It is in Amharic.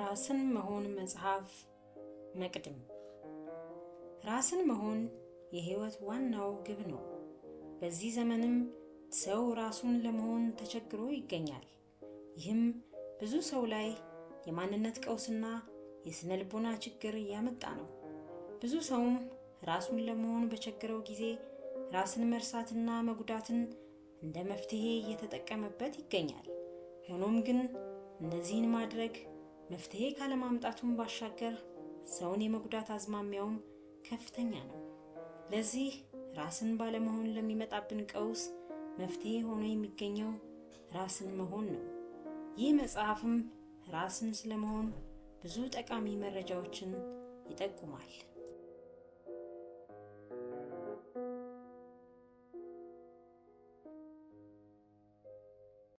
ራስን መሆን መጽሐፍ መቅድም ራስን መሆን የህይወት ዋናው ግብ ነው። በዚህ ዘመንም ሰው ራሱን ለመሆን ተቸግሮ ይገኛል። ይህም ብዙ ሰው ላይ የማንነት ቀውስና የስነ ልቦና ችግር እያመጣ ነው። ብዙ ሰውም ራሱን ለመሆን በቸገረው ጊዜ ራስን መርሳትና መጉዳትን እንደ መፍትሄ እየተጠቀመበት ይገኛል። ሆኖም ግን እነዚህን ማድረግ መፍትሄ ካለማምጣቱም ባሻገር ሰውን የመጉዳት አዝማሚያውም ከፍተኛ ነው። ለዚህ ራስን ባለመሆን ለሚመጣብን ቀውስ መፍትሄ ሆኖ የሚገኘው ራስን መሆን ነው። ይህ መጽሐፍም ራስን ስለመሆን ብዙ ጠቃሚ መረጃዎችን ይጠቁማል።